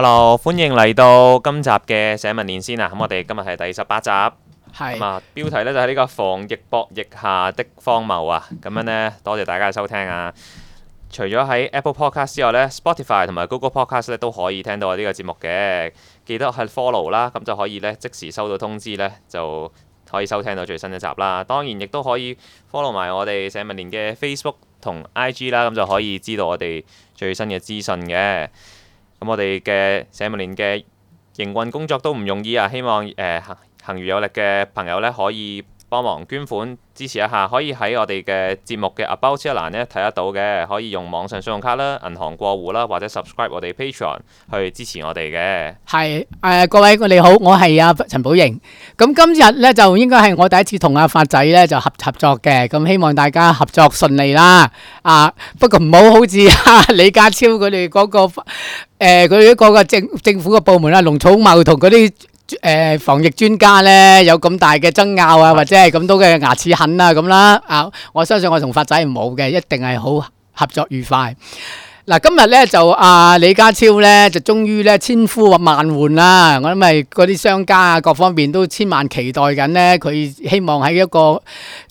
hello，歡迎嚟到今集嘅社民連線啊！咁我哋今日係第十八集，咁啊是、嗯、標題咧就係、是、呢個防疫博奕下的荒謬啊！咁樣呢，多謝大家收聽啊！除咗喺 Apple Podcast 之外咧，Spotify 同埋 Google Podcast 咧都可以聽到我呢個節目嘅。記得係 follow 啦，咁就可以咧即時收到通知咧，就可以收聽到最新一集啦。當然亦都可以 follow 埋我哋社民連嘅 Facebook 同 IG 啦，咁就可以知道我哋最新嘅資訊嘅。咁我哋嘅社民連嘅營運工作都唔容易啊！希望誒行、呃、行餘有力嘅朋友咧可以。幫忙捐款支持一下，可以喺我哋嘅節目嘅 About 專欄咧睇得到嘅，可以用網上信用卡啦、銀行過戶啦，或者 subscribe 我哋 Patreon 去支持我哋嘅。係誒、呃，各位你好，我係阿、啊、陳寶瑩。咁、嗯、今日咧就應該係我第一次同阿發仔咧就合合作嘅，咁、嗯、希望大家合作順利啦。啊，不過唔好好似啊李家超佢哋嗰個誒，佢、呃、哋個政政府嘅部門啊，農草茂同嗰啲。誒，防疫專家咧有咁大嘅爭拗啊，或者係咁多嘅牙齒痕啊咁啦啊！我相信我同發仔唔好嘅，一定係好合作愉快。嗱，今日咧就阿、啊、李家超咧就終於咧千呼萬喚啦，我諗係嗰啲商家啊，各方面都千萬期待緊呢。佢希望喺一個誒、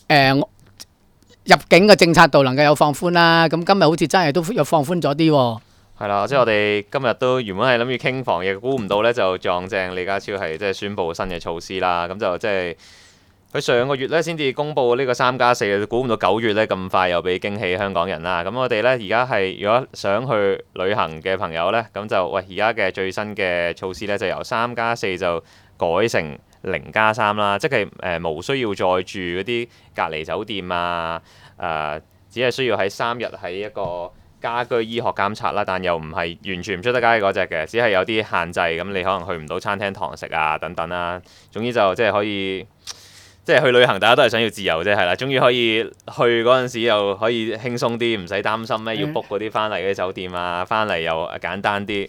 呃、入境嘅政策度能夠有放寬啦、啊。咁今日好似真係都有放寬咗啲、啊。係啦，即係我哋今日都原本係諗住傾房嘅，估唔到呢就撞正李家超係即係宣布新嘅措施啦。咁就即係佢上個月呢先至公布呢個三加四，估唔到九月呢咁快又俾驚喜香港人啦。咁我哋呢而家係如果想去旅行嘅朋友呢，咁就喂，而家嘅最新嘅措施呢就由三加四就改成零加三啦，即係誒、呃、無需要再住嗰啲隔離酒店啊，誒、呃、只係需要喺三日喺一個家居醫學監察啦，但又唔係完全唔出得街嗰隻嘅，只係有啲限制。咁你可能去唔到餐廳堂食啊，等等啦、啊。總之就即係可以，即係去旅行大家都係想要自由啫，係啦。終於可以去嗰陣時又可以輕鬆啲，唔使擔心咩要 book 嗰啲翻嚟嘅酒店啊，翻嚟又簡單啲。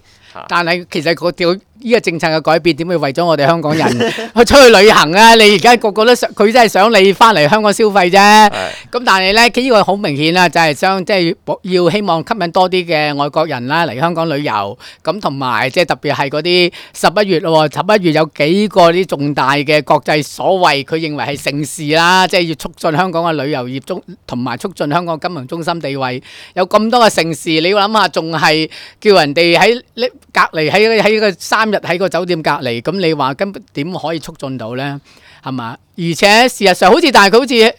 但係其實個條呢個政策嘅改變點會為咗我哋香港人去出去旅行啊？ 你而家個個都想，佢真係想你翻嚟香港消費啫。咁是但係咧，呢、這、依個好明顯啦，就係想即係要希望吸引多啲嘅外國人啦嚟香港旅遊。咁同埋即係特別係嗰啲十一月咯，十、哦、十一月有幾個啲重大嘅國際所謂佢認為係盛事啦，即、就、係、是、要促進香港嘅旅遊業中，同埋促進香港金融中心地位。有咁多嘅盛事，你要諗下，仲係叫人哋喺呢？隔離喺個喺個三日喺個酒店隔離，咁你話根本點可以促進到呢？係嘛？而且事實上好似，但係佢好似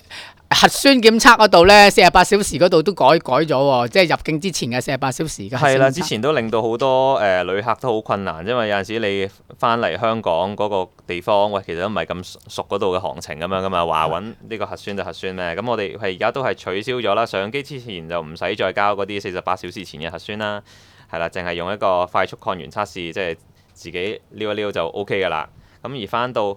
核酸檢測嗰度呢，四十八小時嗰度都改改咗喎、啊，即係入境之前嘅四十八小時嘅。係啦，之前都令到好多誒、呃、旅客都好困難，因為有陣時你翻嚟香港嗰個地方，喂，其實都唔係咁熟嗰度嘅行程。咁樣噶嘛，話揾呢個核酸就核酸咩？咁是的 我哋係而家都係取消咗啦，上機之前就唔使再交嗰啲四十八小時前嘅核酸啦。係啦，淨係用一個快速抗原測試，即係自己撩一撩就 O K 㗎啦。咁而翻到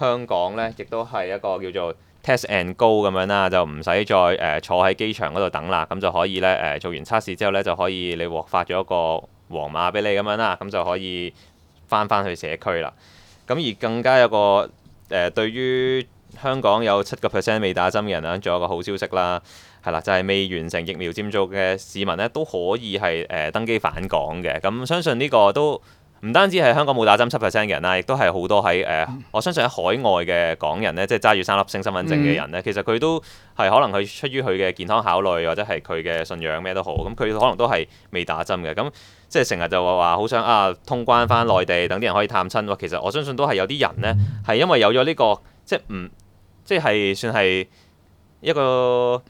香港呢，亦都係一個叫做 Test and Go 咁樣啦，就唔使再誒、呃、坐喺機場嗰度等啦，咁就可以呢，誒、呃、做完測試之後呢，就可以你獲發咗一個黃碼俾你咁樣啦，咁就可以翻翻去社區啦。咁而更加有個誒、呃、對於香港有七個 percent 未打針嘅人呢，仲有個好消息啦。係啦，就係、是、未完成疫苗接種嘅市民咧，都可以係誒、呃、登機返港嘅。咁、嗯、相信呢個都唔單止係香港冇打針七 percent 嘅人啦，亦都係好多喺誒、呃，我相信喺海外嘅港人咧，即係揸住三粒星身份證嘅人咧，其實佢都係可能佢出於佢嘅健康考慮，或者係佢嘅信仰咩都好，咁、嗯、佢可能都係未打針嘅。咁、嗯、即係成日就話話好想啊通關翻內地，等啲人可以探親。其實我相信都係有啲人咧，係因為有咗呢、這個即係唔即係算係一個。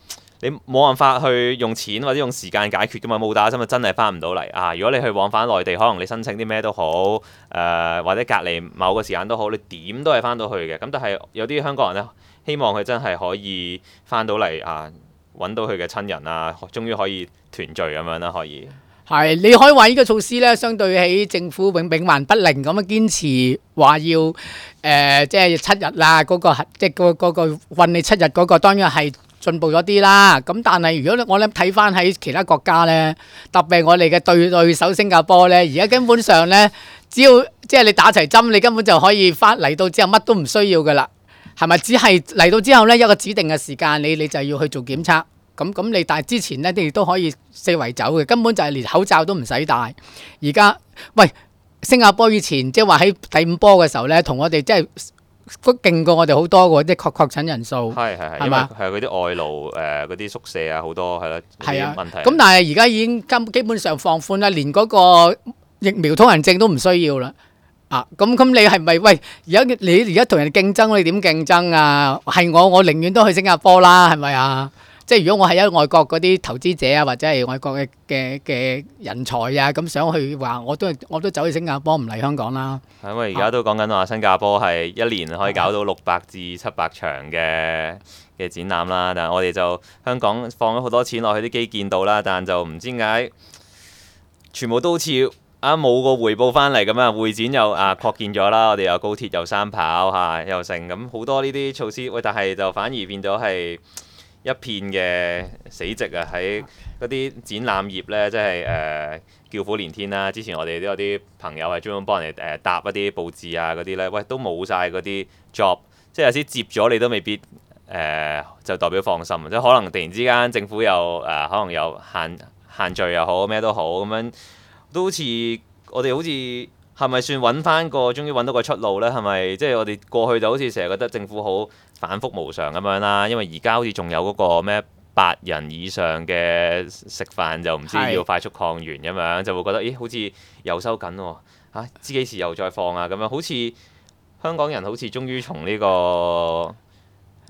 你冇辦法去用錢或者用時間解決噶嘛？冇打針咪真係翻唔到嚟啊！如果你去往返內地，可能你申請啲咩都好，誒、呃、或者隔離某個時間都好，你點都係翻到去嘅。咁但係有啲香港人呢，希望佢真係可以翻到嚟啊，揾到佢嘅親人啊，終於可以團聚咁樣啦，可以。係，你可以話呢個措施呢，相對起政府永永還不靈咁樣堅持話要誒，即、呃、係、就是、七日啦，嗰、那個即係嗰嗰個韞你、那個、七日嗰、那個，那個、當然係。進步咗啲啦，咁但係如果我諗睇翻喺其他國家呢，特別我哋嘅對對手新加坡呢，而家根本上呢，只要即係、就是、你打齊針，你根本就可以翻嚟到之後乜都唔需要㗎喇，係咪？只係嚟到之後呢，一個指定嘅時間，你你就要去做檢測。咁咁你但係之前呢，你都可以四圍走嘅，根本就係連口罩都唔使戴。而家喂，新加坡以前即係話喺第五波嘅時候呢，同我哋即係。都勁過我哋好多喎，即係確確診人數。係係係，係嘛？係嗰啲外勞誒，嗰啲宿舍啊，好多係啦，啲問題。咁但係而家已經根基本上放寬啦，連嗰個疫苗通行證都唔需要啦。啊，咁咁你係咪喂？而家你而家同人競爭，你點競爭啊？係我，我寧願都去新加坡啦，係咪啊？即係如果我係一外國嗰啲投資者啊，或者係外國嘅嘅嘅人才啊，咁想去話，我都係我都走去新加坡唔嚟香港啦。係因為而家都講緊話新加坡係一年可以搞到六百至七百場嘅嘅展覽啦，但係我哋就香港放咗好多錢落去啲基建度啦，但係就唔知點解全部都好似啊冇個回報返嚟咁啊！會展又啊擴建咗啦，我哋又高鐵又三跑嚇，又成咁好多呢啲措施，喂！但係就反而變咗係。一片嘅死寂啊！喺嗰啲展覽業呢，即係誒、呃、叫苦連天啦、啊。之前我哋都有啲朋友係專門幫人哋搭一啲佈置啊，嗰啲呢，喂都冇晒嗰啲 job，即係有時接咗你都未必誒、呃，就代表放心，即係可能突然之間政府又誒、呃，可能有限限聚又好，咩都好咁樣，都好似我哋好似係咪算揾翻個，終於揾到個出路呢？係咪即係我哋過去就好似成日覺得政府好？反覆無常咁樣啦，因為而家好似仲有嗰個咩八人以上嘅食飯就唔知是要快速抗原咁樣，就會覺得咦好似又收緊喎、啊啊、知幾時又再放啊？咁樣好似香港人好似終於從呢個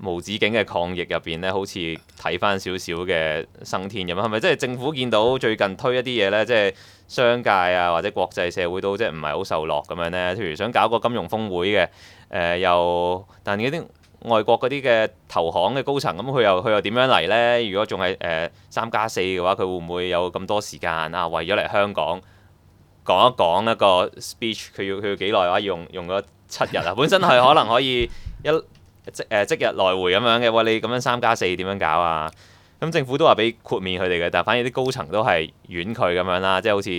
無止境嘅抗疫入邊呢，好似睇翻少少嘅生天咁啊？係咪即係政府見到最近推一啲嘢呢，即係商界啊或者國際社會都即係唔係好受落咁樣呢？譬如想搞個金融峰會嘅誒、呃，又但係啲。外國嗰啲嘅投行嘅高層，咁佢又佢又點樣嚟呢？如果仲係誒三加四嘅話，佢會唔會有咁多時間啊？為咗嚟香港講一講一個 speech，佢要佢要幾耐嘅話，用用咗七日啊！本身係可能可以一即誒、呃、即日來回咁樣嘅，餵你咁樣三加四點樣搞啊？咁政府都話俾豁免佢哋嘅，但係反而啲高層都係婉拒咁樣啦，即係好似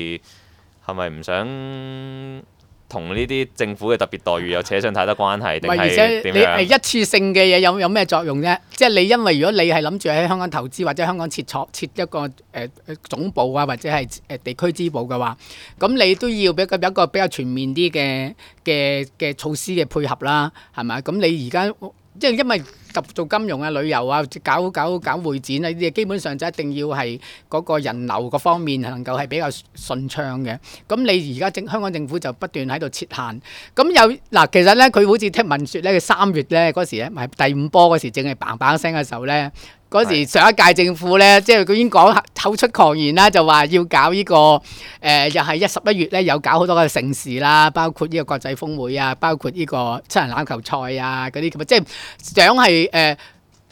係咪唔想？同呢啲政府嘅特別待遇又扯上太多關係，定係點樣？而且你一次性嘅嘢有有咩作用啫？即係你因為如果你係諗住喺香港投資或者香港設廠設一個誒誒、呃、總部啊，或者係誒、呃、地區支部嘅話，咁你都要俾佢有一個比較全面啲嘅嘅嘅措施嘅配合啦，係咪？咁你而家。即係因為特別做金融啊、旅遊啊、搞搞搞會展啊，呢啲基本上就一定要係嗰個人流個方面能夠係比較順暢嘅。咁你而家政香港政府就不斷喺度設限。咁有嗱、啊，其實咧佢好似聽聞説咧，佢三月咧嗰時咧，唔係第五波嗰時，正係砰砰聲嘅時候咧。嗰時上一屆政府咧，即係佢已經講口出狂言啦，就話要搞呢個誒，又係一十一月咧，有搞好多個盛事啦，包括呢個國際峰會啊，包括呢個七人欖球賽啊嗰啲咁啊，即係想係誒，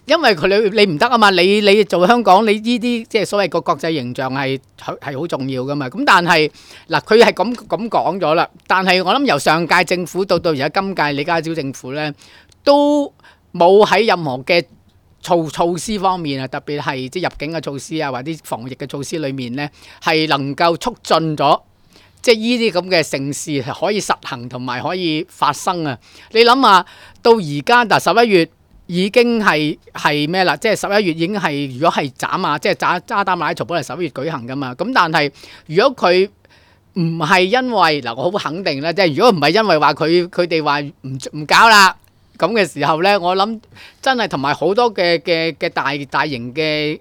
因為佢你你唔得啊嘛，你你做香港，你呢啲即係所謂個國際形象係係係好重要㗎嘛。咁但係嗱，佢係咁咁講咗啦。但係我諗由上屆政府到到而家今屆李家超政府咧，都冇喺任何嘅。措措施方面啊，特別係即係入境嘅措施啊，或者防疫嘅措施裏面呢，係能夠促進咗即係呢啲咁嘅城市可以實行同埋可以發生想想啊！你諗下，到而家嗱十一月已經係，係咩啦？即係十一月已經係，如果係斬啊，即係渣渣打馬拉松本嚟十一月舉行㗎嘛。咁但係，如果佢唔係，因為嗱、啊，我好肯定啦，即係如果唔係，因為話佢佢哋話唔唔搞啦。咁嘅時候咧，我諗真係同埋好多嘅嘅嘅大大型嘅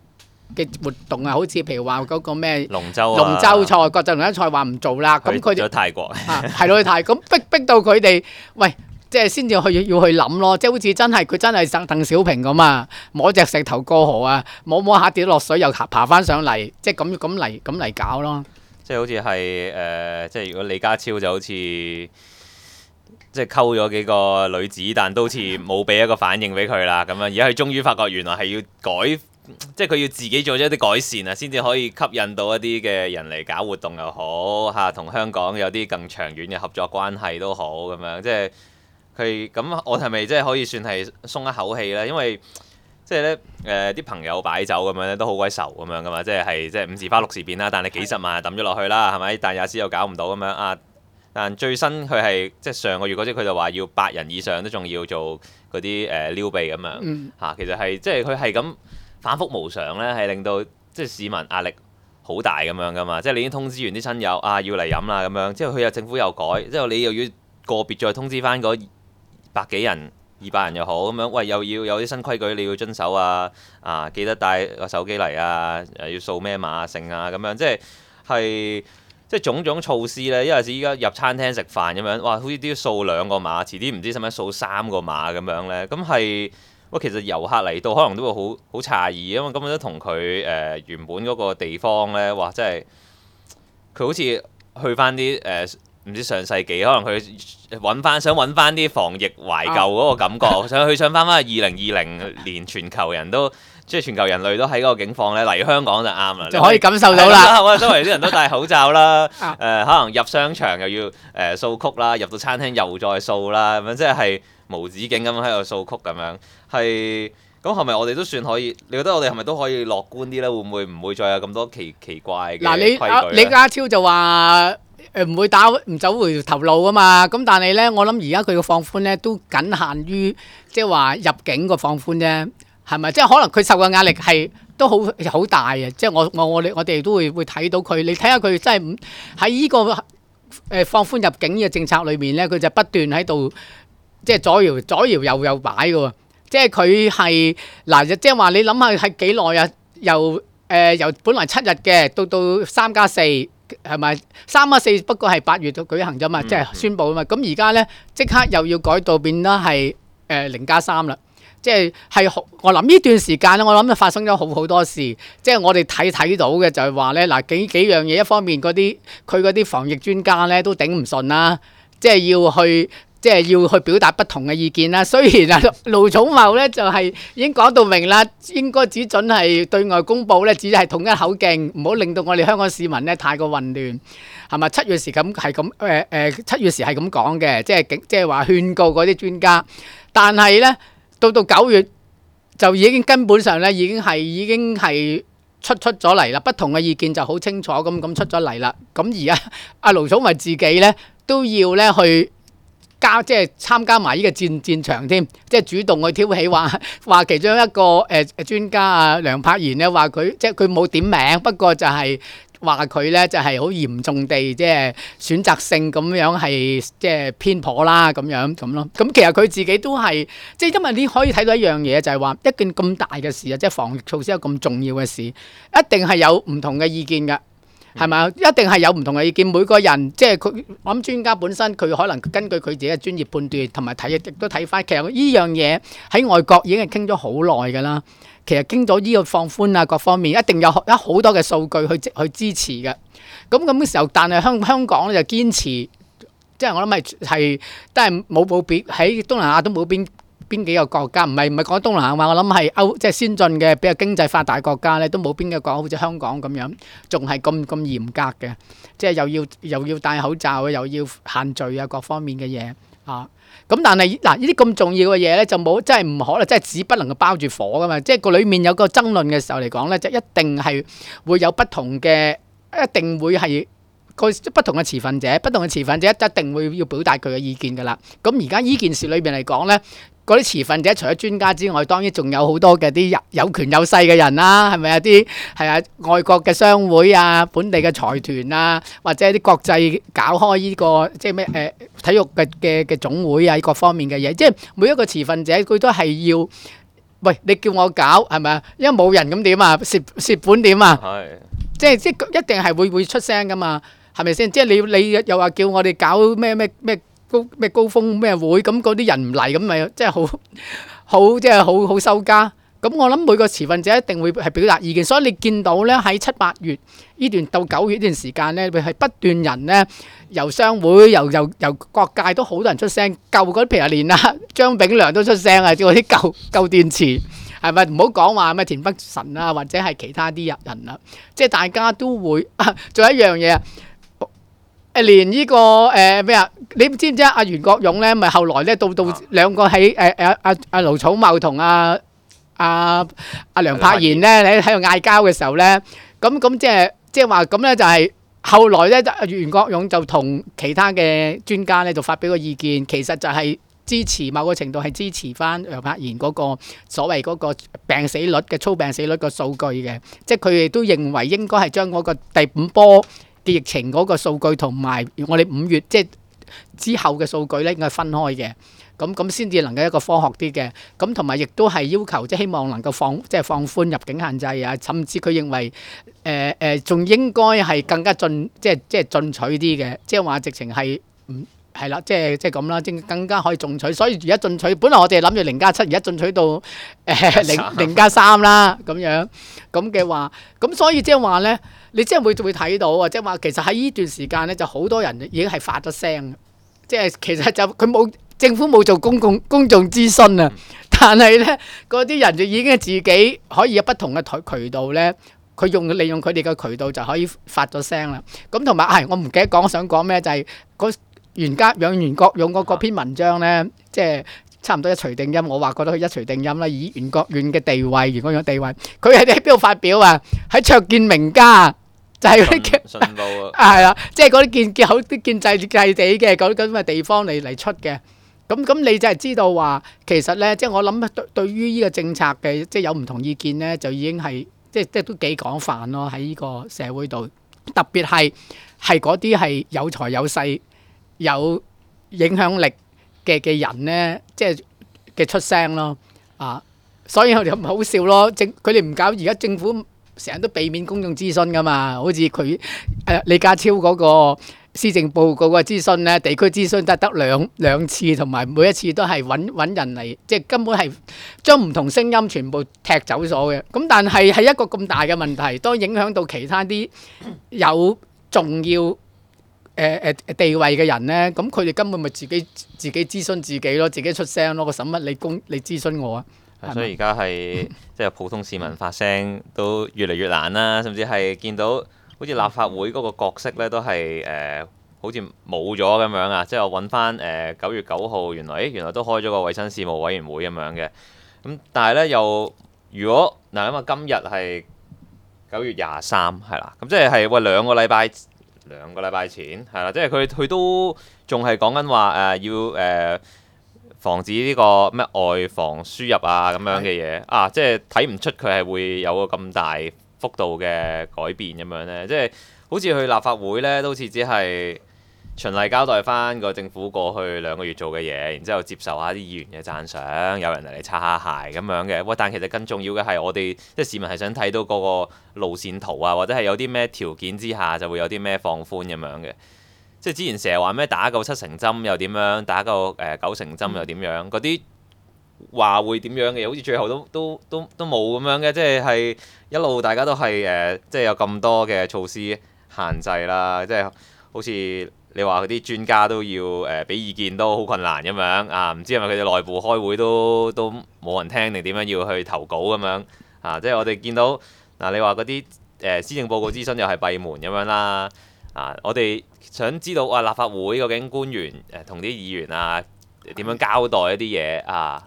嘅活動啊，好似譬如話嗰個咩龍舟啊，龍舟賽、國際龍舟賽話唔做啦，咁佢就去咗泰國啊，係咯去泰，咁逼逼到佢哋，喂，即係先至去要去諗咯，即係好似真係佢真係鄧小平咁啊，摸隻石頭過河啊，摸摸下跌落水又爬爬返上嚟，即係咁咁嚟咁嚟搞咯。即係好似係誒，即係如果李家超就好似。即係溝咗幾個女子，但都似冇俾一個反應俾佢啦。咁啊，而家佢終於發覺原來係要改，即係佢要自己做咗一啲改善啊，先至可以吸引到一啲嘅人嚟搞活動又好嚇，同、啊、香港有啲更長遠嘅合作關係都好咁樣。即係佢咁，我係咪即係可以算係鬆一口氣咧？因為即係呢誒，啲、呃、朋友擺酒咁樣都好鬼愁咁樣噶嘛。即係係即係五時花六時變啦，但係幾十萬抌咗落去啦，係咪？但係有時又搞唔到咁樣啊。但最新佢係即係上個月嗰陣，佢就話要八人以上都仲要做嗰啲誒撩鼻咁樣嚇、嗯啊，其實係即係佢係咁反覆無常咧，係令到即係市民壓力好大咁樣噶嘛。即係你已經通知完啲親友啊，要嚟飲啦咁樣，之後佢又政府又改，之後你又要個別再通知翻嗰百幾人、二百人又好咁樣，喂又要有啲新規矩你要遵守啊，啊記得帶個手機嚟啊，又要掃咩碼啊、盛啊咁樣，即係係。即係種種措施咧，因為依家入餐廳食飯咁樣，哇！好似都要掃兩個碼，遲啲唔知使唔使掃三個碼咁樣咧？咁係喂，其實遊客嚟到可能都會好好詫異，因為根本都同佢誒原本嗰個地方咧，哇！真係佢好似去翻啲誒唔知上世紀，可能佢揾翻想揾翻啲防疫懷舊嗰個感覺，啊、 想去想翻翻二零二零年全球人都。即係全球人類都喺嗰個境況咧，嚟香港就啱啦，就可以感受到啦。 我周圍啲人都戴口罩啦，誒、 呃，可能入商場又要誒掃曲啦，入到餐廳又再掃啦，咁樣即係無止境咁喺度掃曲咁樣。係咁，係咪我哋都算可以？你覺得我哋係咪都可以樂觀啲咧？會唔會唔會再有咁多奇奇怪嘅規矩嗱、啊，你阿、啊、李家超就話誒唔會打唔走回頭路啊嘛。咁但係咧，我諗而家佢嘅放寬咧都僅限於即係話入境個放寬啫。係咪？即係可能佢受嘅壓力係都好好大嘅。即係我我我哋我哋都會會睇到佢。你睇下佢真係喺呢個誒放寬入境嘅政策裏面咧，佢就不斷喺度即係左搖左搖右右擺嘅喎。即係佢係嗱，即係話你諗下係幾耐啊？又誒、呃，由本來七日嘅到到三加四係咪？三加四不過係八月度舉行咗嘛，即係、嗯、宣佈啊嘛。咁而家咧，即刻又要改到變啦，係誒零加三啦。即係係我諗呢段時間咧，我諗都發生咗好好多事。即係我哋睇睇到嘅就係話咧嗱，幾幾樣嘢一方面嗰啲佢嗰啲防疫專家咧都頂唔順啦，即係要去即係要去表達不同嘅意見啦。雖然啊，盧寵茂咧就係、是、已經講到明啦，應該只准係對外公佈咧，只係統一口徑，唔好令到我哋香港市民咧太過混亂係咪？七月時咁係咁誒誒，七月時係咁講嘅，即係即係話勸告嗰啲專家，但係咧。到到九月就已經根本上咧已經係已經係出出咗嚟啦，不同嘅意見就好清楚咁咁出咗嚟啦。咁而家、啊、阿盧寵茂自己咧都要咧去加即係、就是、參加埋呢個戰戰場添，即係主動去挑起話話其中一個誒、呃、專家啊梁柏賢呢話佢即係佢冇點名，不過就係、是。話佢咧就係好嚴重地，即係選擇性咁樣係即係偏頗啦，咁樣咁咯。咁其實佢自己都係即係因為你可以睇到一樣嘢，就係話一件咁大嘅事啊，即係防疫措施有咁重要嘅事，一定係有唔同嘅意見㗎。係咪啊？一定係有唔同嘅意見。每個人即係佢，我諗專家本身佢可能根據佢自己嘅專業判斷同埋睇，亦都睇翻。其實呢樣嘢喺外國已經係傾咗好耐㗎啦。其實傾咗呢個放寬啊，各方面一定有好多嘅數據去去支持嘅。咁咁嘅時候，但係香香港咧就堅持，即係我諗係係都係冇冇喺東南亞都冇變。邊幾個國家唔係唔係講東南亞嘛？我諗係歐即係先進嘅比較經濟發達國家咧，都冇邊個講好似香港咁樣，仲係咁咁嚴格嘅，即係又要又要戴口罩，又要限聚啊，各方面嘅嘢啊。咁但係嗱呢啲咁重要嘅嘢咧，就冇即係唔可能，即係紙不能夠包住火噶嘛。即係個裡面有個爭論嘅時候嚟講咧，就一定係會有不同嘅，一定會係個不同嘅持份者，不同嘅持份者一定會要表達佢嘅意見㗎啦。咁而家呢件事裏邊嚟講咧。嗰啲持份者除咗專家之外，當然仲有好多嘅啲有有權有勢嘅人啦，係咪啊？啲係啊，外國嘅商會啊，本地嘅財團啊，或者啲國際搞開呢個即係咩誒體育嘅嘅嘅總會啊，各方面嘅嘢，即係每一個持份者佢都係要，喂你叫我搞係咪啊？因為冇人咁點啊，蝕蝕本點啊？係即係即係一定係會會出聲㗎嘛？係咪先？即係你你又話叫我哋搞咩咩咩？高咩高峰咩會咁，嗰啲人唔嚟咁，咪即係好好即係好好收家咁，我諗每個持份者一定會係表達意見，所以你見到咧喺七八月呢段到九月呢段時間咧，佢係不斷人咧由商會由由由各界都好多人出聲，舊嗰啲譬如連啊張炳良都出聲啊，嗰啲舊舊電池係咪唔好講話咩田北辰啊，或者係其他啲人啊，即係大家都會。仲有一樣嘢啊！誒連呢、呢個誒咩啊？你知唔知阿袁國勇咧咪後來咧到到兩個喺誒誒阿阿盧寵茂同阿阿阿梁柏賢咧喺喺度嗌交嘅時候咧，咁咁即係即係話咁咧就係、係就係、後來咧阿袁國勇就同其他嘅專家咧就發表個意見，其實就係支持某個程度係支持翻梁柏賢嗰、嗰個所謂嗰個病死率嘅粗病死率個數據嘅，即係佢哋都認為應該係將嗰個第五波。嘅疫情嗰個數據同埋我哋五月即係、就是、之後嘅數據咧，應該分開嘅。咁咁先至能夠一個科學啲嘅。咁同埋亦都係要求，即係希望能夠放即係、就是、放寬入境限制啊。甚至佢認為誒誒仲應該係更加進即係即係進取啲嘅。即係話直情係。係啦，即係即係咁啦，即係更加可以進取。所以而家進取，本來我哋係諗住零加七，而家進取到誒零零加三啦，咁樣咁嘅話，咁所以即係話咧，你即係會會睇到啊！即係話其實喺呢段時間咧，就好多人已經係發咗聲。即係其實就佢冇政府冇做公共公眾諮詢啊，但係咧嗰啲人就已經係自己可以有不同嘅台渠道咧，佢用利用佢哋嘅渠道就可以發咗聲啦。咁同埋係我唔記得講想講咩，就係嗰。袁家、楊袁國勇嗰篇文章咧，即係差唔多一錘定音。我話覺得佢一錘定音啦。以袁國勇嘅地位，袁國勇嘅地位，佢喺啲喺邊度發表啊？喺卓見名家就係嗰啲信報啊，係 啊，即係嗰啲建好啲建制建制地嘅嗰啲咁嘅地方嚟嚟出嘅。咁咁你就係知道話，其實咧，即係我諗對對於呢個政策嘅，即係有唔同意見咧，就已經係即即都幾廣泛咯，喺呢個社會度。特別係係嗰啲係有財有勢。有影響力嘅嘅人呢，即係嘅出聲咯，啊！所以我哋唔好笑咯，政佢哋唔搞，而家政府成日都避免公眾諮詢㗎嘛，好似佢誒李家超嗰個施政報告嘅諮詢呢，地區諮詢都係得兩兩次，同埋每一次都係揾揾人嚟，即係根本係將唔同聲音全部踢走咗嘅。咁但係係一個咁大嘅問題，都影響到其他啲有重要。誒誒地位嘅人呢，咁佢哋根本咪自己自己諮詢自己咯，自己出聲咯。個審乜你公你諮詢我啊。所以而家係即係普通市民發聲都越嚟越難啦，啊，甚至係見到好似立法會嗰個角色呢都係誒、呃、好似冇咗咁樣啊！即係我揾翻誒九月九號，原來原來都開咗個衞生事務委員會咁樣嘅。咁但係呢，又如果嗱咁啊，想想今日係九月廿三係啦，咁即係係喂兩個禮拜。兩個禮拜前係啦，即係佢佢都仲係講緊話誒要誒、呃、防止呢個咩外防輸入啊咁樣嘅嘢啊，即係睇唔出佢係會有個咁大幅度嘅改變咁樣咧，即係好似去立法會咧，都好似只係，循例交代翻個政府過去兩個月做嘅嘢，然之後接受下啲議員嘅讚賞，有人嚟擦下鞋咁樣嘅。喂，但其實更重要嘅係我哋即係市民係想睇到嗰個路線圖啊，或者係有啲咩條件之下就會有啲咩放寬咁樣嘅。即係之前成日話咩打夠七成針又點樣，打夠誒九成針又點樣，嗰啲、嗯、話會點樣嘅好似最後都都都都冇咁樣嘅。即係係一路大家都係誒、呃，即係有咁多嘅措施限制啦，即係好似。你話嗰啲專家都要誒俾、呃、意見都好困難咁樣啊？唔知係咪佢哋內部開會都都冇人聽定點樣要去投稿咁樣啊？即係我哋見到嗱、啊，你話嗰啲誒施政報告諮詢又係閉門咁樣啦啊！我哋想知道哇、呃，立法會究竟官員誒同啲議員啊點樣交代一啲嘢啊？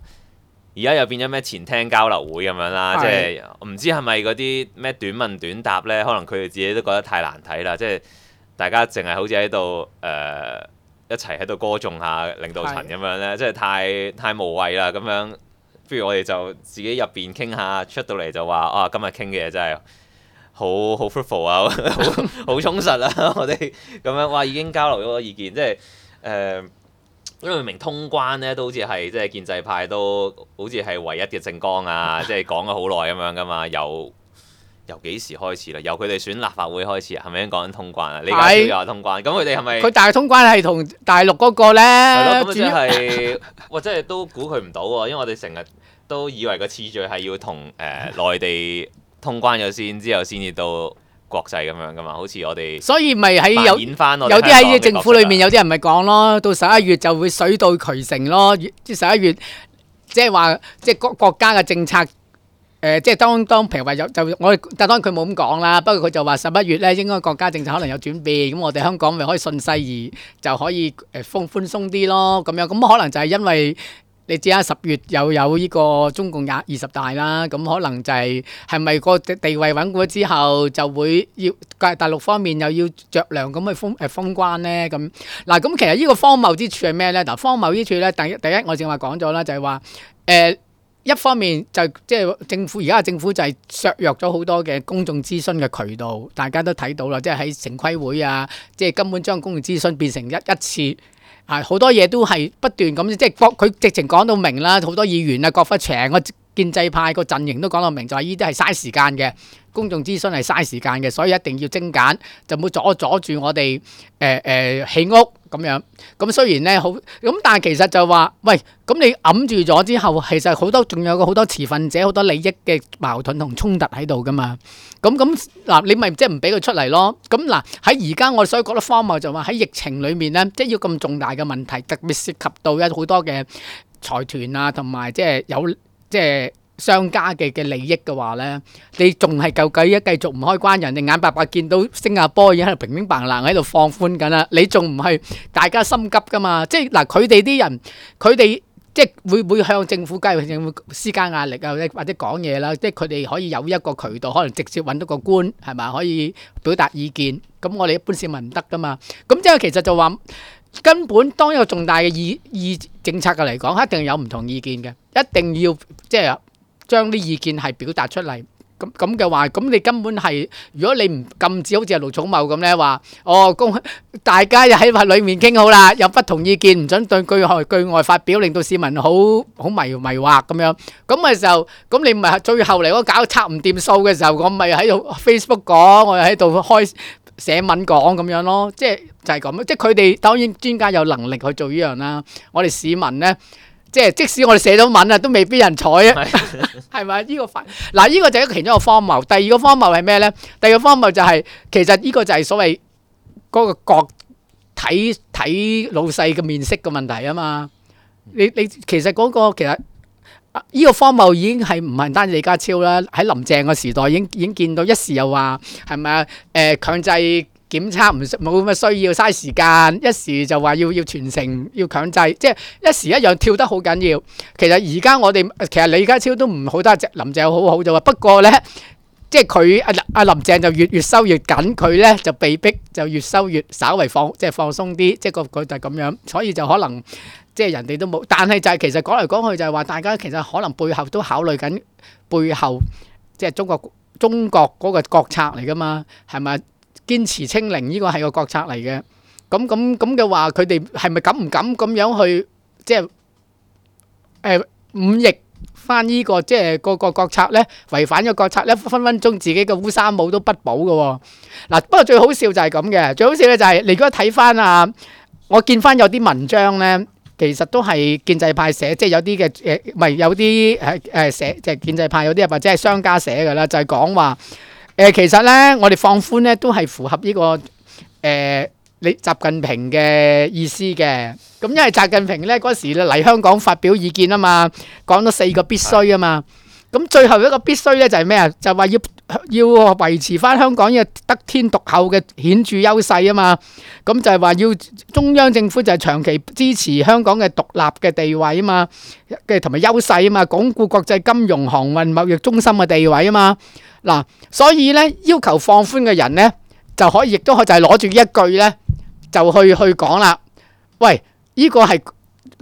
而家又變咗咩前廳交流會咁樣啦？的即係唔知係咪嗰啲咩短問短答咧？可能佢哋自己都覺得太難睇啦，即係。大家淨係好似喺度誒一齊喺度歌頌下領導層咁樣咧，的即係太太無謂啦咁樣。不如我哋就自己入邊傾下，出到嚟就話啊，今日傾嘅嘢真係好好 fulfill 啊，好充實啊！我哋咁樣哇，已經交流咗個意見，即係誒、呃，因為明，明通關咧都好似係即係建制派都好似係唯一嘅政綱啊，即係講咗好耐咁樣噶嘛，有。有由幾時開始咧？由佢哋選立法會開始，係咪應該講緊通關啊？李家超又話通關，咁佢哋係咪？佢大通關係同大陸嗰個咧？係咯，咁即係，哇主要！ 都估佢唔到喎，因為我哋成日都以為個次序係要同誒、呃、內地通關咗先，之後先至到國際咁樣噶嘛？好似我哋，所以咪喺有有啲喺政府裏面有啲人咪講咯，到十一月就會水到渠成咯，即係十一月，即係話即係國國家嘅政策。誒、呃、即係當當譬如有就我，但當然佢冇咁講啦。不過佢就話十一月咧，應該國家政策可能有轉變，咁我哋香港咪可以順勢而就可以誒寬寬鬆啲咯。咁樣咁、嗯、可能就係因為你知啦、啊，十月又有呢個中共廿二十大啦，咁、嗯、可能就係係咪個地位穩固咗之後就會要大陸方面又要着量咁去封誒、呃、封關呢。咁嗱，咁其實呢個荒謬之處係咩咧？嗱，荒謬之處咧，第一第一我正話講咗啦，就係話誒。呃一方面就即係政府，而家政府就係削弱咗好多嘅公眾諮詢嘅渠道，大家都睇到啦，即係喺城規會啊，即係根本將公眾諮詢變成一一次，啊好多嘢都係不斷咁，即係係佢直情講到明啦，好多議員啊、國會邪，個建制派個陣營都講到明，就係呢啲係嘥時間嘅。公眾諮詢係嘥時間嘅，所以一定要精簡，就唔好阻阻住我哋誒誒起屋咁樣。咁雖然咧好，咁但係其實就話，喂，咁你揞住咗之後，其實好多仲有好多持份者、好多利益嘅矛盾同衝突喺度㗎嘛。咁咁嗱，你咪即係唔俾佢出嚟咯。咁嗱，喺而家我所以覺得荒謬就話喺疫情裡面咧，即係要咁重大嘅問題，特別涉及到有好多嘅財團啊，同埋即係有即係。商家嘅嘅利益嘅話咧，你仲係舊計一繼續唔開關，人哋眼白白見到新加坡已經喺度平平白棒喺度放寬緊啦，你仲唔係大家心急噶嘛？即係嗱，佢哋啲人，佢哋即係會唔會向政府入、街頭政府施加壓力啊，或者或講嘢啦，即係佢哋可以有一個渠道，可能直接揾到個官係咪？可以表達意見。咁我哋一般市民唔得噶嘛。咁即係其實就話根本當一個重大嘅意意政策嘅嚟講，一定有唔同意見嘅，一定要即係。將啲意見係表達出嚟，咁咁嘅話，咁你根本係，如果你唔禁止，好似阿盧寵茂咁咧話，哦，公大家又喺法裏面傾好啦，有不同意見唔準對句內句外發表，令到市民好好迷迷惑咁樣，咁嘅時候，咁你唔係最後嚟嗰個搞測唔掂數嘅時候，我咪喺度 Facebook 講，我又喺度開寫文講咁樣咯，即係就係咁，即係佢哋當然專家有能力去做呢樣啦，我哋市民咧。即係即使我哋寫咗文啊，都未必人睬啊，係咪啊？呢個法嗱，呢、這個就係其中一個荒謬。第二個荒謬係咩呢？第二個荒謬就係、是、其實呢個就係所謂嗰個國睇睇老細嘅面色嘅問題啊嘛。你你其實嗰、那個其實呢、這個荒謬已經係唔係單止李家超啦？喺林鄭個時代已經已經見到一時又話係咪啊？誒強、呃、制。檢測唔冇咁需要嘥時間，一時就話要要全程要強制，即係一時一樣跳得好緊要。其實而家我哋其實李家超都唔好得，林鄭好好就話，不過呢，即係佢阿阿林鄭就越越收越緊，佢呢就被逼就越收越稍微放即係、就是、放鬆啲，即係個佢就咁、是、樣，所以就可能即係、就是、人哋都冇，但係就係、是、其實講嚟講去就係、是、話大家其實可能背後都考慮緊背後即係、就是、中國中國嗰個國策嚟㗎嘛，係咪？堅持清零依個係個國策嚟嘅，咁咁咁嘅話，佢哋係咪敢唔敢咁樣去，即係誒忤逆翻依個，即係個個國策咧，違反咗國策咧，分分鐘自己嘅烏紗帽都不保嘅喎。嗱，不過最好笑就係咁嘅，最好笑咧就係你如果睇翻啊，我見翻有啲文章咧，其實都係建制派寫，即係有啲嘅誒，唔係有啲誒誒寫，即係建制派有啲或者係商家寫嘅啦，就係講話。誒、呃、其實咧，我哋放寬咧都係符合呢、呢個誒你、呃、習近平嘅意思嘅。咁因為習近平咧嗰時咧嚟香港發表意見啊嘛，講咗四個必須啊嘛。咁最後一個必須咧就係咩啊？就話、是就是、要。要維持翻香港嘅得天獨厚嘅顯著優勢啊嘛，咁就係話要中央政府就係長期支持香港嘅獨立嘅地位啊嘛，嘅同埋優勢啊嘛，鞏固國際金融航運貿易中心嘅地位啊嘛，嗱，所以呢，要求放寬嘅人呢，就可以亦都可以就係攞住一句呢，就去去講啦，喂，呢個係。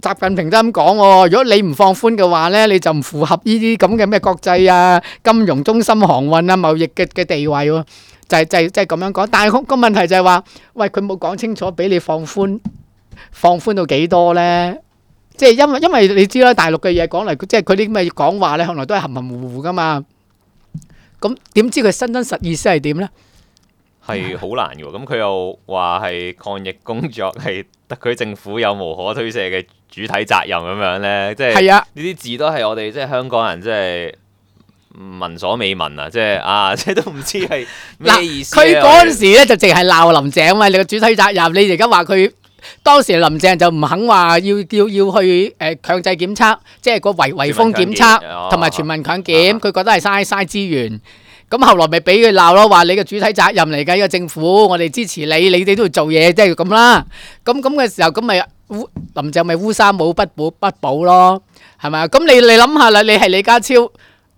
習近平都咁講喎，如果你唔放寬嘅話呢，你就唔符合呢啲咁嘅咩國際啊、金融中心、航運啊、貿易嘅嘅地位喎，就係就係即係咁樣講。但係個問題就係話，喂，佢冇講清楚，俾你放寬，放寬到幾多呢？即係因為因為你知啦，大陸嘅嘢講嚟，即係佢啲咩講話呢，向來都係含含糊糊噶嘛。咁點知佢真真實意思係點呢？係好難嘅喎，咁佢又話係抗疫工作係特區政府有無可推卸嘅。主體責任咁樣咧，即係係啊，呢啲字都係我哋即係香港人，即係聞所未聞啊！即係啊，即係都唔知係咩意思啊！佢嗰陣時咧就淨係鬧林鄭啊嘛，你個主體責任，你而家話佢當時林鄭就唔肯話要要要去誒強、呃、制檢測，即係個圍圍封檢測同埋全民強檢，佢覺得係嘥嘥資源。咁、啊啊、後來咪俾佢鬧咯，話你個主體責任嚟㗎，呢、這個政府我哋支持你，你哋都要做嘢，即係咁啦。咁咁嘅時候咁咪。林鄭咪烏紗帽，不保不保咯，係咪啊？咁你你諗下啦，你係李家超，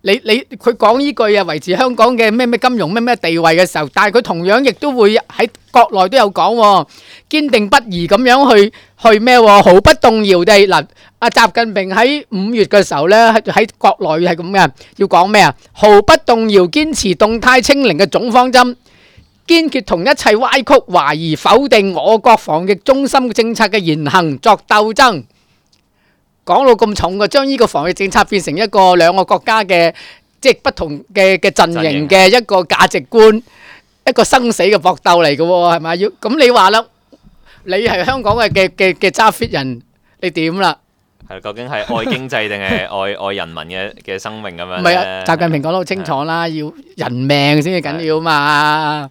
你你佢講呢句啊，維持香港嘅咩咩金融咩咩地位嘅時候，但係佢同樣亦都會喺國內都有講，堅定不移咁樣去去咩，毫不動搖地嗱，阿習近平喺五月嘅時候咧喺國內係咁嘅，要講咩啊？毫不動搖堅持動態清零嘅總方針。堅決同一切歪曲、懷疑、否定我國防疫中心政策嘅言行作鬥爭。講到咁重嘅，將呢個防疫政策變成一個兩個國家嘅即係不同嘅嘅陣營嘅一個價值觀，一個生死嘅搏鬥嚟嘅喎，係咪？要咁你話啦，你係香港嘅嘅嘅嘅揸 fit 人，你點啦？係究竟係愛經濟定係愛愛人民嘅嘅生命咁樣？唔係呀，習近平講得好清楚啦，要人命先至緊要嘛。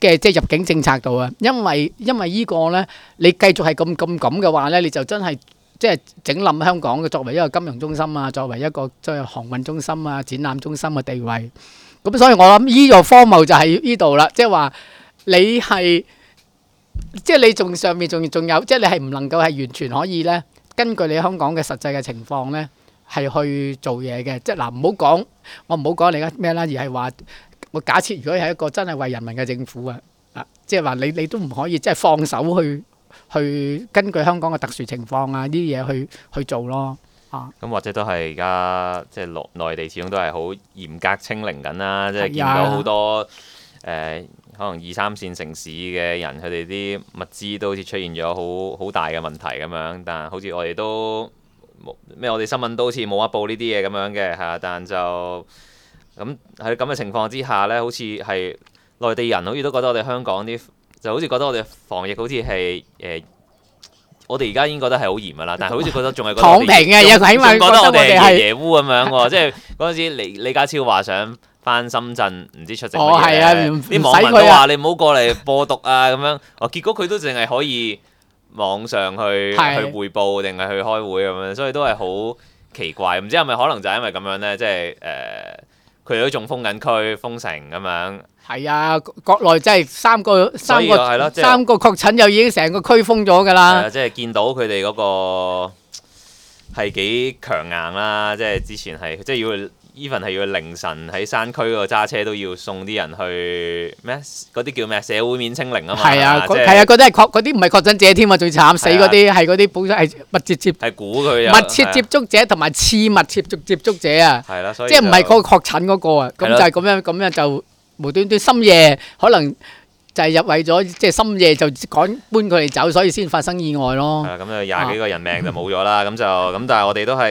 嘅即係入境政策度啊，因為因為依個咧，你繼續係咁咁咁嘅話咧，你就真係即係整冧香港嘅作為一個金融中心啊，作為一個即係航運中心啊、展覽中心嘅地位。咁所以我諗依個荒謬就係依度啦，即係話你係即係你仲上面仲仲有，即係你係唔能夠係完全可以咧，根據你香港嘅實際嘅情況咧，係去做嘢嘅。即係嗱，唔好講我唔好講你講咩啦，而係話。我假設如果係一個真係為人民嘅政府啊，啊，即係話你你都唔可以即係、就是、放手去去根據香港嘅特殊情況啊呢啲嘢去去做咯咁、嗯、或者都係而家即係落內地，始終都係好嚴格清零緊、啊、啦。即、就、係、是、見到好多誒、哎呀呃，可能二三線城市嘅人，佢哋啲物資都好似出現咗好好大嘅問題咁樣，但好似我哋都冇咩，我哋新聞都好似冇乜報呢啲嘢咁樣嘅嚇，但就。咁喺咁嘅情況之下呢，好似係內地人，好似都覺得我哋香港啲就好似覺得我哋防疫好似係誒，我哋而家已經覺得係好嚴密啦，但係好似覺得仲係躺平啊了，因為還覺得我哋係野烏咁樣喎。 即係嗰陣時，李李家超話想返深圳，唔知出席乜嘢，啲、 啊、網民都話你唔好過嚟播毒啊咁樣。哦， 結果佢都淨係可以網上去去匯報定係去開會咁樣，所以都係好奇怪。唔知係咪可能就係因為咁樣呢？即係誒。呃呃佢都仲封緊區、封城咁樣。係啊，國內真係三個、三個、三個確診又已經成個區封咗㗎啦。係啊，即係見到佢哋嗰個係幾強硬啦，即係之前係即係要。even 係要凌晨喺山區嗰個揸車都要送啲人去咩？嗰啲叫咩？社會面清零啊嘛！係啊，係啊、就是，嗰啲係確嗰啲唔係確診者添啊！最慘死嗰啲係嗰啲本身係密切接係估佢啊！密切接觸者同埋、啊、次密切接觸者啊！係啦，所以即係唔係個確診嗰、嗰個啊？咁就係咁樣咁樣就無端端深夜可能就係入為咗即係深夜就趕搬佢哋走，所以先發生意外咯。係咁就廿幾個人命就冇咗啦。咁就咁，但係我哋都係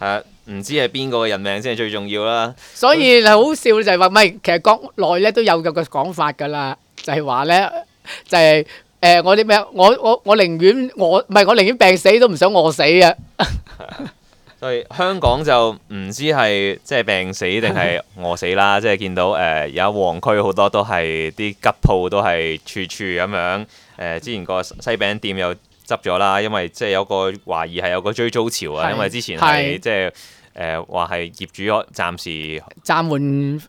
係啊。嗯嗯嗯唔知係邊個嘅人命先係最重要啦，所以你以好笑就係話唔係，其實國內咧都有個講法噶啦，就係話咧就係、是、誒、呃、我啲咩我我寧願我寧願餓唔係我寧願病死都唔想餓死嘅。所以， 所以香港就唔知係即係病死定係餓死啦，即係 見到誒而家旺區好多都係啲吉鋪都係處處咁樣誒、呃，之前個西餅店又。執咗啦，因為即係有個懷疑係有個追租潮啊，因為之前係即係誒話係業主可暫時暫緩，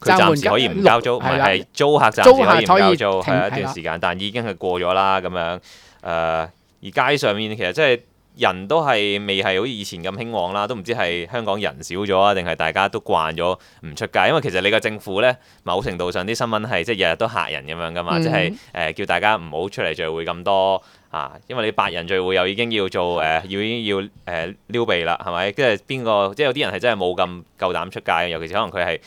佢是暫時可以唔交租，唔係，係的租客暫時可以唔交租係一段時間，但已經係過咗啦咁樣。誒、呃，而街上面其實即係人都係未係好似以前咁興旺啦，都唔知係香港人少咗啊，定係大家都慣咗唔出街，因為其實你個政府呢，某程度上啲新聞係即係日日都嚇人咁樣噶嘛，即係誒叫大家唔好出嚟聚會咁多。啊，因為你八人聚會又已經要做誒、呃，要已經要誒撩鼻啦，係、呃、咪？跟住邊個即係有啲人係真係冇咁夠膽出街，尤其是可能佢係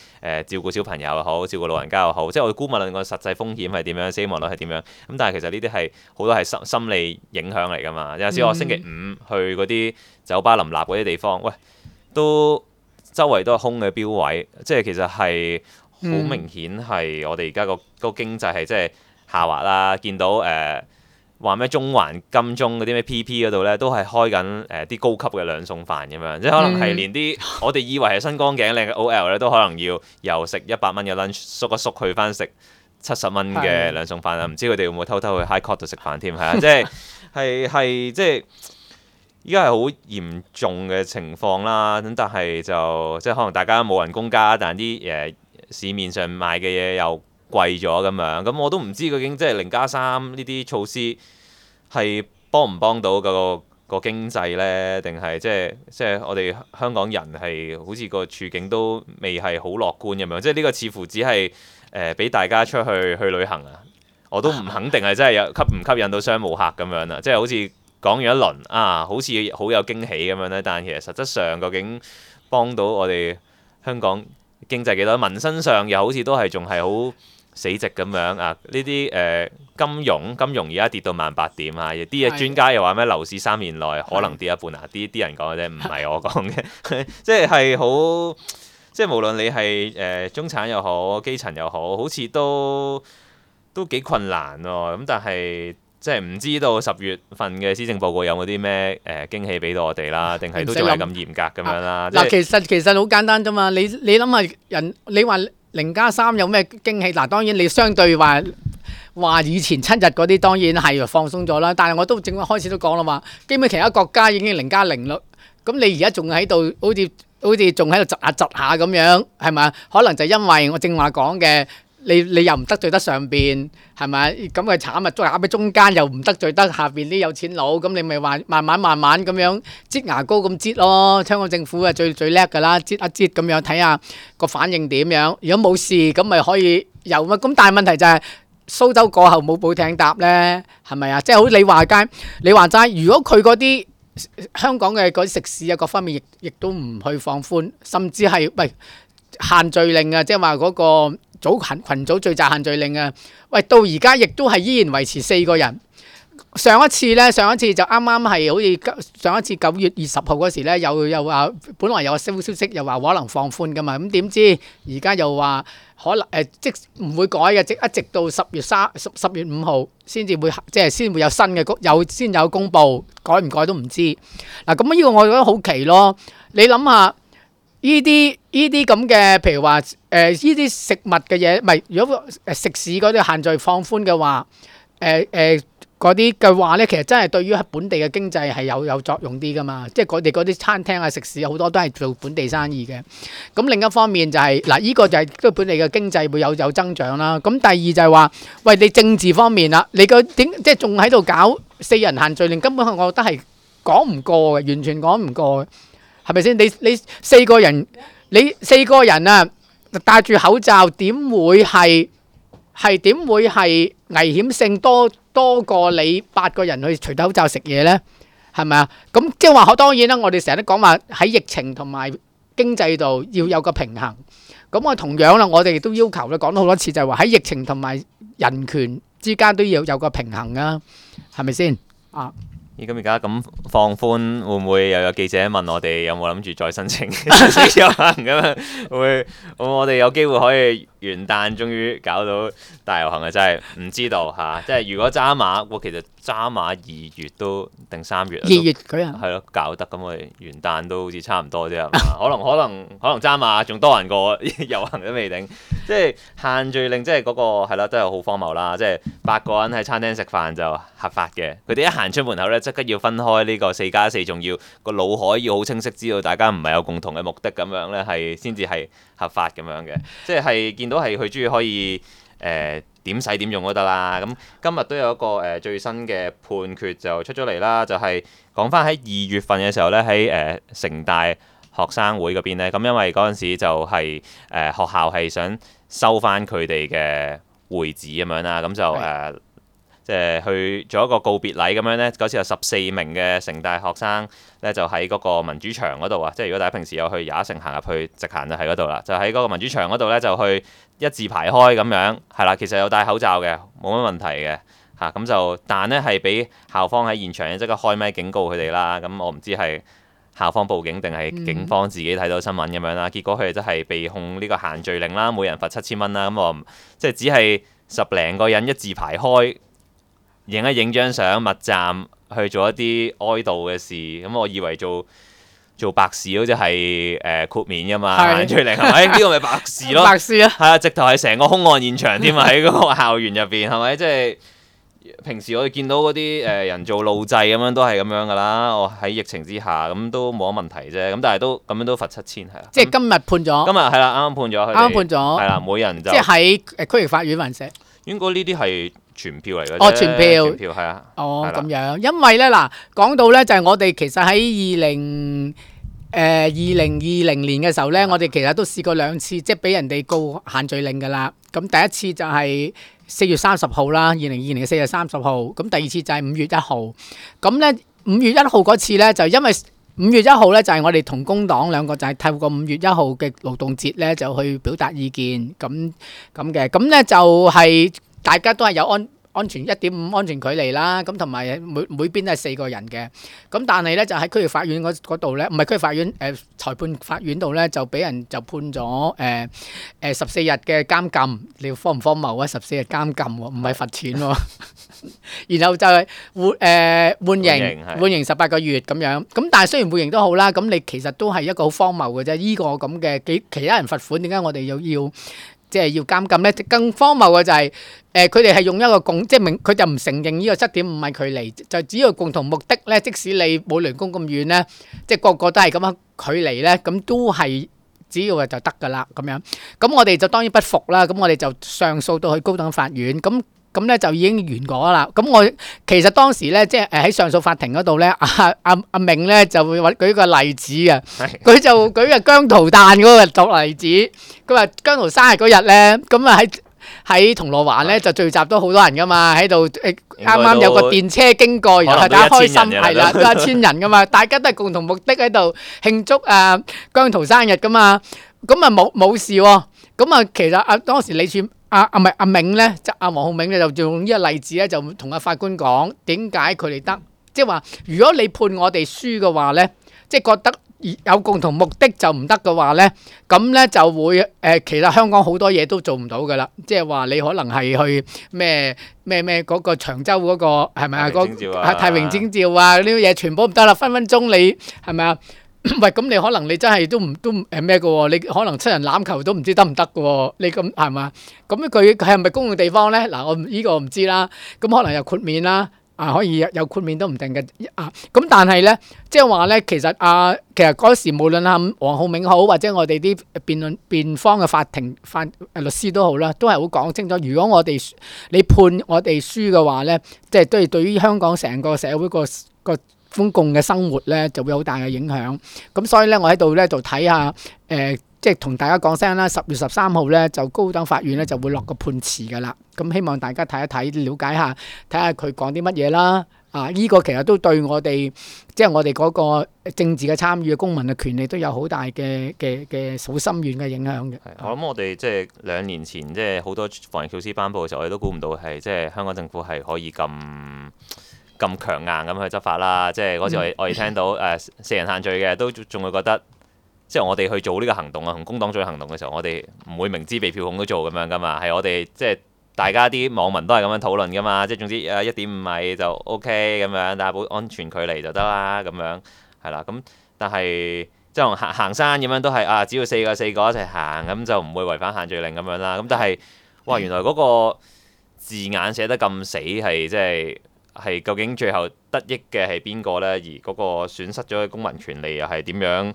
誒照顧小朋友又好，照顧老人家又好，即係我估問論個實際風險係點樣，死亡率係點樣？咁但係其實呢啲係好多係心心理影響嚟㗎嘛。有陣時我星期五去嗰啲酒吧林立嗰啲地方，喂都周圍都係空嘅標位，即係其實係好明顯係我哋而家個個經濟係即係下滑啦、啊，見到誒。呃呃話咩？中環、金鐘嗰啲咩 PP 嗰度呢，都係開緊誒啲高級嘅兩餸飯咁樣，即係可能係連啲我哋以為係身光頸靚嘅 OL 呢，都可能要又食一百蚊嘅 lunch，縮一縮去返食七十蚊嘅兩餸飯啊！唔知佢哋會唔會偷偷去 high court 度食飯添？係啊，即係係係即係依家係好嚴重嘅情況啦。咁但係就即係可能大家冇人工加，但啲誒、呃、市面上買嘅嘢又～貴咗咁樣，咁我都唔知究竟即係零加三呢啲措施係幫唔幫到、嗰個、嗰個經濟呢？定係即係即係我哋香港人係好似個處境都未係好樂觀咁樣，即係呢個似乎只係誒俾大家出去去旅行啊，我都唔肯定係真係有吸唔吸引到商務客咁樣啦，即係好似講完一輪啊，好似好有驚喜咁樣呢。但係其實實質上究竟幫到我哋香港經濟幾多？民生上又好似都係仲係好。死值咁樣啊！呢啲誒金融金融而家跌到萬八點啊！啲啊專家又話咩？樓市三年內可能跌一半啊！啲啲的人講嘅啫，唔係我講嘅， 即係好即係無論你係誒、呃、中產又好，基層又好，好似都都幾困難喎、哦。咁但係即係唔知道十月份嘅施政報告有冇啲咩誒驚喜俾到我哋啦？定係、啊、都仲係咁嚴格咁樣啦？嗱，其實其實好簡單啫嘛！你你諗下人，你話。你零加三有咩驚喜？嗱，當然你相對話話以前七日嗰啲當然係放鬆咗啦。但係我都正開始都講啦，嘛，基本其他國家已經零加零啦。咁你而家仲喺度好似好似仲喺度窒下窒下咁樣，係咪？可能就因為我正話講嘅。你你又唔得罪得上邊係咪咁啊？慘啊！捉下俾中間又唔得罪得下邊啲有錢佬咁，你咪話慢慢慢慢咁樣擠牙膏咁擠咯。香港政府啊，最最叻噶啦，擠一擠咁樣睇下個反應點樣。如果冇事咁咪可以有乜。咁，但係問題就係蘇州過後冇補艇搭呢，係咪啊？即係好似你話齋，你話齋，如果佢嗰啲香港嘅嗰啲食肆啊，各方面亦亦都唔去放寬，甚至係喂限聚令啊？即係話嗰個。組羣羣組聚集限聚令啊！喂，到而家亦都係依然維持四個人。上一次咧，上一次就啱啱係好似上一次九月二十號嗰時咧，又又話本來有話消息又，又話可能放寬噶嘛。咁點知而家又話可能誒即唔會改嘅，即一直到十月三十十月五號先至會即係先會有新嘅公有先有公佈，改唔改都唔知。嗱、啊，咁呢依個我覺得好奇咯。你諗下？呢啲呢啲咁嘅，譬如話誒呢啲食物嘅嘢，唔係如果誒食肆嗰啲限聚放寬嘅話，誒誒嗰啲嘅話咧，其實真係對於本地嘅經濟係有有作用啲噶嘛，即係佢哋嗰啲餐廳啊食肆好多都係做本地生意嘅。咁另一方面就係、是、嗱，呢、這個就係即係本地嘅經濟會有有增長啦。咁第二就係話，喂你政治方面啦，你個點即係仲喺度搞四人限聚令，根本我覺得係講唔過嘅，完全講唔過嘅。係咪先？你你四個人，你四個人啊，戴住口罩，點會係係點會係危險性多多過你八個人去除低口罩食嘢呢？係咪啊？咁即係話可當然啦，我哋成日都講話喺疫情同埋經濟度要有個平衡。咁啊，同樣啦，我哋亦都要求咧，講咗好多次就係話喺疫情同埋人權之間都要有個平衡噶，係咪先啊？咁而家咁放寬，會唔會又有記者問我哋有冇諗住再申請遊行咁啊？會唔會我哋有機會可以元旦終於搞到大遊行啊？真係唔知道嚇、 啊！即係如果揸馬，我其實～揸馬二月都定三月，月，二月佢係，係咯、嗯、搞得咁咪、嗯、元旦都好似差唔多啲啊， 可能可能可能揸馬仲多人過 遊行都未定，即係限聚令即係嗰、嗰個係啦，都係好荒謬啦，即係八個人喺餐廳食飯就合法嘅，佢哋一行出門口咧即刻要分開呢個四加四，仲要個腦海要好清晰知道大家唔係有共同嘅目的咁樣咧係先至係合法咁樣嘅，即係見到係佢鍾意可以。誒點使點用都得啦，咁、嗯、今日都有一個誒、呃、最新嘅判決就出咗嚟啦，就係講翻喺二月份嘅時候呢，喺誒城大學生會嗰邊呢，咁、嗯、因為嗰陣時就係、是、誒、呃、學校係想收翻佢哋嘅會址咁樣啦，咁、嗯、就誒。的誒去做一個告別禮咁樣呢，嗰次有十四名嘅城大學生呢，就喺嗰個民主牆嗰度啊，即係如果大家平時有去又一城行入去，直行就喺嗰度啦，就喺嗰個民主牆嗰度呢，就去一字排開咁樣係啦。其實有戴口罩嘅，冇乜問題嘅嚇咁就，但呢係俾校方喺現場即刻開咩警告佢哋啦。咁我唔知係校方報警定係警方自己睇到新聞咁樣啦。結果佢哋都係被控呢個限聚令啦，每人罰七千蚊啦。咁我即係只係十零個人一字排開。影一影張相，默站去做一啲哀悼嘅事。咁、嗯、我以為做做白事好似係誒豁免㗎嘛，萬歲零係咪？呢、 這個咪白事咯？白事啊！係啊、嗯，直頭係成個兇案現場添啊！喺個校園入邊係咪？即係平時我哋見到嗰啲誒人做路祭咁樣都係咁樣㗎啦。我喺疫情之下咁、嗯、都冇乜問題啫。咁但係都咁樣都罰七千係啦。即係今日判咗。今日係啦，啱啱判咗佢。啱判咗。係啦們，每人就即係喺區域法院還石。應該呢啲係傳票嚟嘅哦，傳票係啊，票對哦咁了樣，因為咧嗱，講到咧就係我哋其實喺二零誒二零二零年嘅時候咧，嗯、我哋其實都試過兩次，即係俾人哋告限聚令㗎喇。咁第一次就係四月三十號啦，二零二零嘅四月三十號，咁第二次就係五月一號。咁咧五月一號嗰次咧就是、因為。五月一號咧就係我哋同工黨兩個，就係透過五月一號嘅勞動節咧就去表達意見，咁，咁嘅咁咧就係大家都係有安安全一點五安全距離啦，咁同埋每每邊都係四個人嘅。咁但係咧就喺區域法院嗰度咧，唔係區域法院誒、呃、裁判法院度咧就俾人就判咗誒誒十四日嘅監禁，你荒唔荒謬啊？十四日監禁喎，唔係罰錢喎。 然後就係緩誒緩刑緩刑十八個月咁樣，咁但係雖然緩刑都好啦，咁你其實都係一個好荒謬嘅啫。呢個咁嘅幾其他人罰款，點解我哋又要即係要監禁咧？更荒謬嘅就係誒，佢哋係用一個共即係明，佢就唔承認呢個七點五米距離，就只要共同目的咧，即使你冇聯工咁遠咧，即係個個都係咁樣距離咧，咁都係只要就得㗎喇咁樣。咁我哋就當然不服啦，咁我哋就上訴到去高等法院咁。咁咧就已經完果啦。咁我其實當時咧，即係誒喺上訴法庭嗰度咧，阿阿阿明咧就會揾舉個例子嘅。佢就舉阿姜濤誕嗰個作例子。佢話姜濤生日嗰日咧，咁啊喺喺銅鑼灣咧就聚集咗好多人噶嘛，喺度誒啱啱有個電車經過，然後大家開心係啦，都一千人噶嘛，大家都係共同目的喺度慶祝啊姜濤生日噶嘛。咁啊冇冇事喎。咁啊其實阿當時李柱。阿阿唔係阿銘咧，即係阿黃浩銘咧，就用呢個例子咧，就同阿法官講點解佢哋得，即係話如果你判我哋輸嘅話咧，即係覺得有共同目的就唔得嘅話咧，咁咧就會誒、呃，其實香港好多嘢都做唔到㗎啦，即係話你可能係去咩咩咩嗰個長洲嗰個係咪啊？嗰太平清醮啊，呢啲嘢全部唔得啦，分分鐘你係咪啊？是唔係咁， 你可能你真係都唔都誒咩嘅？你可能七人欖球都唔知得唔得嘅？你咁係嘛？咁佢係咪公用地方咧？嗱、啊，我呢、這個唔知啦。咁可能又豁免啦，啊可以有豁免都唔定嘅啊。咁但係咧，即係話咧，其實啊，其實嗰時無論啊黃浩銘好，或者我哋啲辯論辯方嘅法庭法律師都好啦，都係好講清楚。如果我哋你判我哋輸嘅話咧，即、就、係、是、對對於香港成個社會個個。公共嘅生活咧就會有好大嘅影響，咁所以咧我喺度咧就睇下，誒、呃、即係同大家講聲啦，十月十三號咧就高等法院咧就會落個判詞噶啦，咁、嗯、希望大家睇一睇，了解下，睇下佢講啲乜嘢啦，啊呢、呢個其實都對我哋，即係我哋嗰個政治嘅參與、公民嘅權利都有好大嘅嘅嘅好深遠嘅影響嘅。我諗我哋即係兩年前即係好多防疫措施頒佈嘅時候，我哋都估唔到係即係香港政府係可以咁。咁強硬咁去執法啦，即係嗰時我哋亦聽到誒、呃、四人限聚嘅，都仲會覺得即係我哋去做呢個行動啊，同工黨做行動嘅時候，我哋唔會明知被票控都做咁樣噶嘛，係我哋即係大家啲網民都係咁樣討論噶嘛，即係總之一點五米就 O K 咁樣，但係保安全距離就得啦咁樣係啦。咁、嗯、但係即係行行山咁樣都係啊，只要四個四個一齊行咁就唔會違反限聚令咁樣啦。咁、嗯、但係哇，原來嗰個字眼寫得咁死係即係。是係究竟最後得益嘅係邊個呢？而嗰個損失咗嘅公民權利又係點樣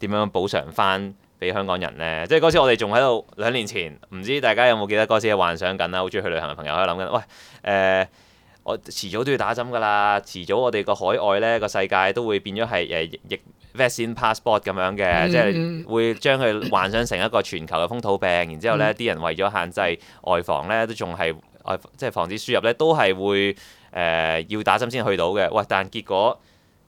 點樣補償翻俾香港人呢？即係嗰時我哋仲喺度兩年前，唔知大家有冇記得嗰時幻想緊啦？好中意去旅行嘅朋友喺度諗緊，喂誒、呃，我遲早都要打針㗎啦。遲早我哋個海外呢個世界都會變咗係誒疫 vaccine passport 咁樣嘅，即係 會將佢幻想成一個全球嘅風土病。然之後呢啲 人為咗限制外防呢，都仲係外即係防止輸入呢，都係會。誒、呃、要打針先去到嘅，喂！但結果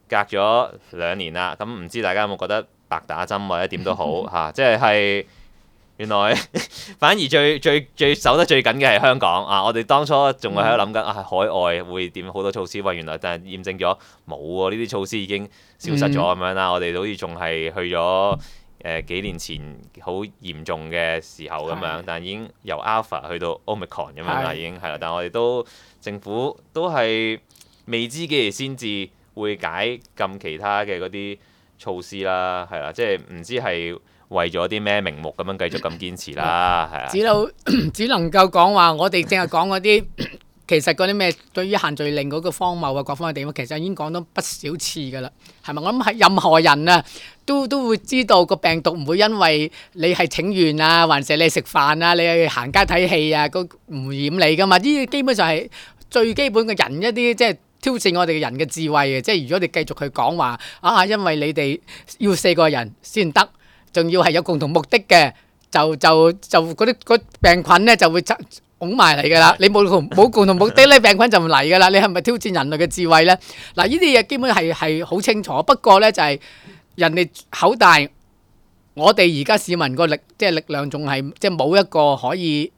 隔咗兩年啦，咁唔知大家有冇覺得白打針或者點都好嚇、 啊，即係係原來反而最最最守得最緊嘅係香港啊！我哋當初仲喺度諗緊啊，海外會點好多措施，喂、呃！原來但係驗證咗冇喎，呢啲、啊、措施已經消失咗咁、嗯、樣啦，我哋好似仲係去咗。誒、呃、幾年前好嚴重嘅時候咁樣，的但已經由 Alpha 去到 Omicron 咁樣啦，的已經係啦。但係我哋都政府都係未知幾時先至會解禁其他嘅嗰啲措施啦，係啦，即係唔知係為咗啲咩名目咁樣繼續咁堅持啦，係啊。只只能夠講話，我哋淨係講嗰啲。其實嗰啲咩對於限聚令嗰個荒謬啊，各方嘅地方其實已經講咗不少次噶啦，係咪？我諗係任何人啊，都都會知道個病毒唔會因為你係請願啊，還是你食飯啊，你去行街睇戲啊，個唔染你噶嘛？呢啲基本上係最基本嘅人一啲，即係挑戰我哋嘅人嘅智慧嘅。即係如果你繼續去講話啊，因為你哋要四個人先得，仲要係有共同目的嘅，就就就嗰啲病菌咧就會。拱埋嚟㗎喇，你冇冇共同冇爹咧，病菌就唔嚟㗎喇。你係咪挑戰人類嘅智慧呢？嗱，呢啲嘢基本係係好清楚，不過呢就係人哋口大，我哋而家市民個力即係力量仲係即係冇一個可以。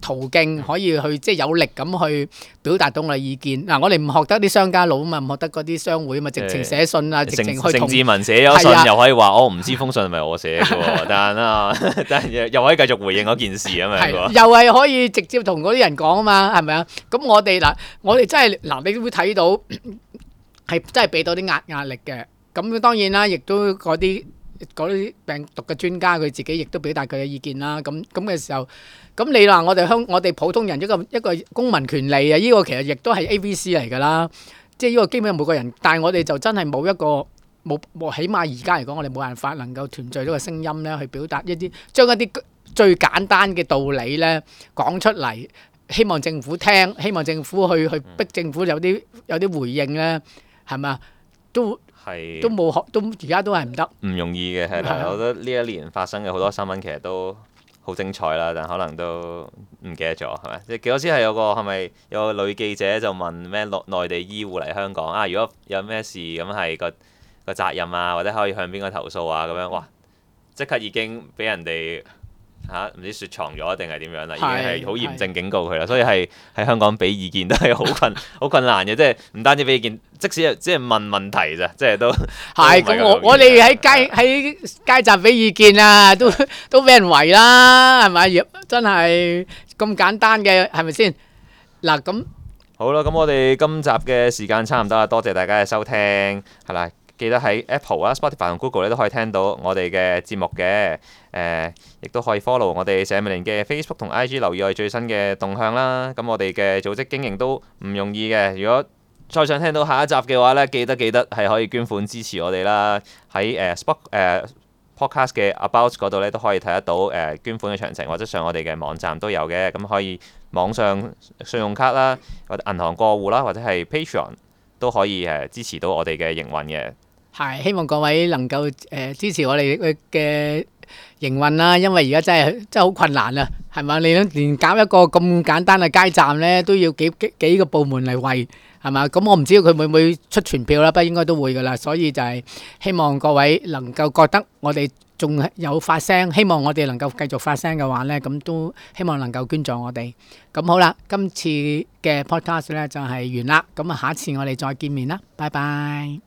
途徑可以去即係有力咁去表達到我嘅意見。嗱，我哋唔學得啲商家佬啊嘛，唔學得嗰啲商會啊嘛，直情寫信啊，直情去同志文寫咗信，又可以話我唔知封信係咪我寫嘅喎，但啊，但又又可以繼續回應嗰件事咁樣個喎，又係可以直接同嗰啲人講啊嘛，係咪啊？咁我哋嗱，我哋真係嗱，你會睇到係真係俾到啲壓壓力嘅，咁當然啦，亦都嗰啲。嗰啲病毒嘅專家，佢自己亦都表達佢嘅意見啦。咁咁嘅時候，咁你話我哋香，我哋普通人一個一個公民權利啊！呢個其實亦都係 ABC 嚟㗎啦。即係呢個基本上每個人，但係我哋就真係冇一個冇冇，起碼而家嚟講，我哋冇辦法能夠團聚到個聲音咧，去表達一啲將一啲最簡單嘅道理咧講出嚟，希望政府聽，希望政府去去逼政府有啲有啲回應咧，係咪啊？都係是都冇學，都而家都係唔得，唔容易嘅係啦。的但我覺得呢一年發生嘅好多新聞其實都好精彩啦，但可能都唔記得咗係咪？即係幾多先係有個係咪有個女記者就問咩內內地醫護嚟香港啊？如果有咩事咁係個個責任啊，或者可以向邊個投訴啊？咁樣哇，即刻已經俾人哋。嚇，唔知雪藏咗定係點樣啦，已經係好嚴正警告佢啦，所以係喺香港俾意見都係好困、好困難嘅，即係唔單止俾意見，即使即係問問題咋，即係都係。咁我我哋喺街喺街站俾意見啊，都都俾人圍啦，係咪？真係咁簡單嘅係咪先？嗱咁好啦，咁我哋今集嘅時間差唔多啦，多謝大家嘅收聽，係啦，記得喺 Apple 啊、Spotify 同 Google 咧都可以聽到我哋嘅節目嘅。誒，亦都、呃、可以 follow 我哋社民連嘅 Facebook 同 IG 留意我哋最新嘅動向啦。咁、嗯、我哋嘅組織經營都唔容易嘅。如果再想聽到下一集嘅話呢記得記得係可以捐款支持我哋啦。喺誒、呃、Spoke、呃、Podcast 嘅 About 度呢，都可以睇得到誒、呃、捐款嘅詳情，或者上我哋嘅網站都有嘅。咁、嗯、可以網上信用卡啦，或者銀行過戶啦，或者係 Patreon 都可以誒、呃、支持到我哋嘅營運嘅。係，希望各位能夠誒、呃、支持我哋嘅。營運啦，因為而家真係真係好困難啦，係嘛？你諗連搞一個咁簡單嘅街站咧，都要幾幾個部門嚟維，係嘛？咁、嗯、我唔知道佢會唔會出傳票啦，不過應該都會噶啦，所以就係希望各位能夠覺得我哋仲有發聲，希望我哋能夠繼續發聲嘅話咧，咁都希望能夠捐助我哋。咁好啦，今次嘅 podcast 咧就係完啦，咁啊下一次我哋再見面啦，拜拜。